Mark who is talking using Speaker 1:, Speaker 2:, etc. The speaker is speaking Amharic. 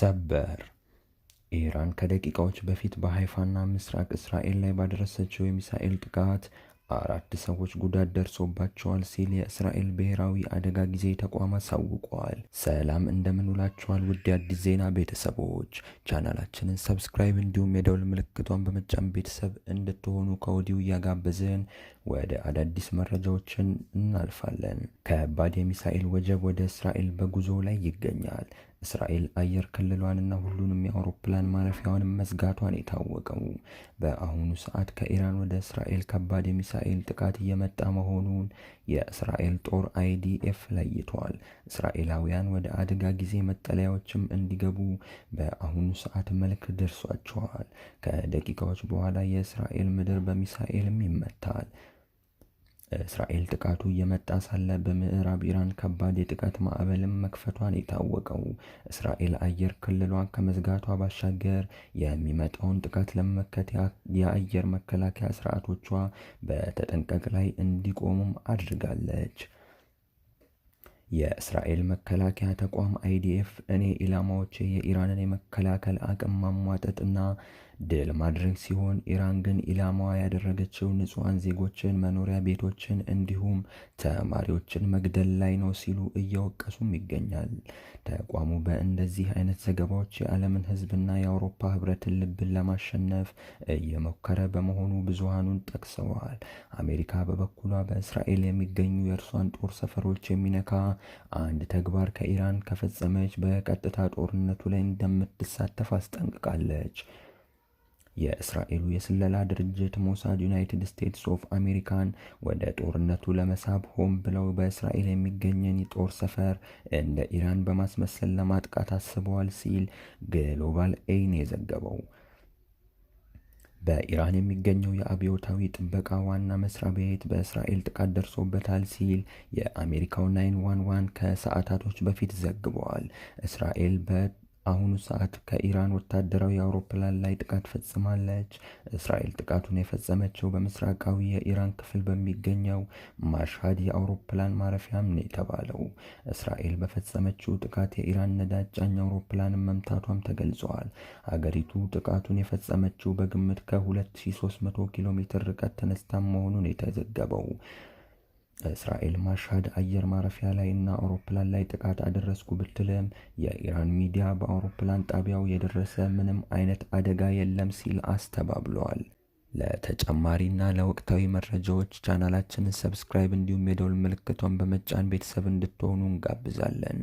Speaker 1: ሰበር ኢራን ከደቂቃዎች በፊት በሃይፋና ምስራቅ እስራኤል ላይ ባደረሰችው የሚሳኤል ጥቃት አራት ሰዎች ጉዳት ደርሶባቸዋል ሲል የእስራኤል ብሔራዊ አደጋ ጊዜ ተቋም አሳውቋል። ሰላም እንደምንውላችኋል ውድ አዲስ ዜና ቤተሰቦች፣ ቻናላችንን ሰብስክራይብ እንዲሁም የደውል ምልክቷን በመጫን ቤተሰብ እንድትሆኑ ከወዲሁ እያጋበዝን ወደ አዳዲስ መረጃዎችን እናልፋለን። ከባድ የሚሳኤል ወጀብ ወደ እስራኤል በጉዞ ላይ ይገኛል። እስራኤል አየር ክልሏንና ሁሉንም የአውሮፕላን ማረፊያዋን መዝጋቷን የታወቀው በአሁኑ ሰዓት ከኢራን ወደ እስራኤል ከባድ የሚሳኤል ጥቃት እየመጣ መሆኑን የእስራኤል ጦር አይዲኤፍ ለይቷል። እስራኤላውያን ወደ አደጋ ጊዜ መጠለያዎችም እንዲገቡ በአሁኑ ሰዓት መልክ ደርሷቸዋል። ከደቂቃዎች በኋላ የእስራኤል ምድር በሚሳኤልም ይመታል። እስራኤል ጥቃቱ እየመጣ ሳለ በምዕራብ ኢራን ከባድ የጥቃት ማዕበልም መክፈቷን የታወቀው እስራኤል አየር ክልሏን ከመዝጋቷ ባሻገር የሚመጣውን ጥቃት ለመመከት የአየር መከላከያ ስርዓቶቿ በተጠንቀቅ ላይ እንዲቆሙም አድርጋለች። የእስራኤል መከላከያ ተቋም አይዲኤፍ እኔ ኢላማዎቼ የኢራንን የመከላከል አቅም ማሟጠጥና ድል ማድረግ ሲሆን ኢራን ግን ኢላማዋ ያደረገችው ንጹሐን ዜጎችን መኖሪያ ቤቶችን እንዲሁም ተማሪዎችን መግደል ላይ ነው ሲሉ እየወቀሱም ይገኛል። ተቋሙ በእንደዚህ አይነት ዘገባዎች የዓለምን ሕዝብና የአውሮፓ ሕብረትን ልብን ለማሸነፍ እየሞከረ በመሆኑ ብዙሃኑን ጠቅሰዋል። አሜሪካ በበኩሏ በእስራኤል የሚገኙ የእርሷን ጦር ሰፈሮች የሚነካ አንድ ተግባር ከኢራን ከፈጸመች በቀጥታ ጦርነቱ ላይ እንደምትሳተፍ አስጠንቅቃለች። የእስራኤሉ የስለላ ድርጅት ሞሳድ ዩናይትድ ስቴትስ ኦፍ አሜሪካን ወደ ጦርነቱ ለመሳብ ሆን ብለው በእስራኤል የሚገኘን የጦር ሰፈር እንደ ኢራን በማስመሰል ለማጥቃት አስበዋል ሲል ግሎባል ኤይን የዘገበው። በኢራን የሚገኘው የአብዮታዊ ጥበቃ ዋና መስሪያ ቤት በእስራኤል ጥቃት ደርሶበታል ሲል የአሜሪካው ናይን ዋን ዋን ከሰዓታቶች በፊት ዘግበዋል። እስራኤል አሁኑ ሰዓት ከኢራን ወታደራዊ አውሮፕላን ላይ ጥቃት ፈጽማለች። እስራኤል ጥቃቱን የፈጸመችው በምስራቃዊ የኢራን ክፍል በሚገኘው ማሻድ የአውሮፕላን ማረፊያም ነው የተባለው። እስራኤል በፈጸመችው ጥቃት የኢራን ነዳጅ ጫኝ መምታቷም ተገልጿል። አገሪቱ ጥቃቱን የፈጸመችው በግምት ከ2300 ኪሎ ሜትር ርቀት ተነስታም መሆኑን የተዘገበው እስራኤል ማሻድ አየር ማረፊያ ላይ እና አውሮፕላን ላይ ጥቃት አደረስኩ ብትልም የኢራን ሚዲያ በአውሮፕላን ጣቢያው የደረሰ ምንም አይነት አደጋ የለም ሲል አስተባብለዋል። ለተጨማሪና ለወቅታዊ መረጃዎች ቻናላችንን ሰብስክራይብ እንዲሁም የደውል ምልክቷን በመጫን ቤተሰብ እንድትሆኑ እንጋብዛለን።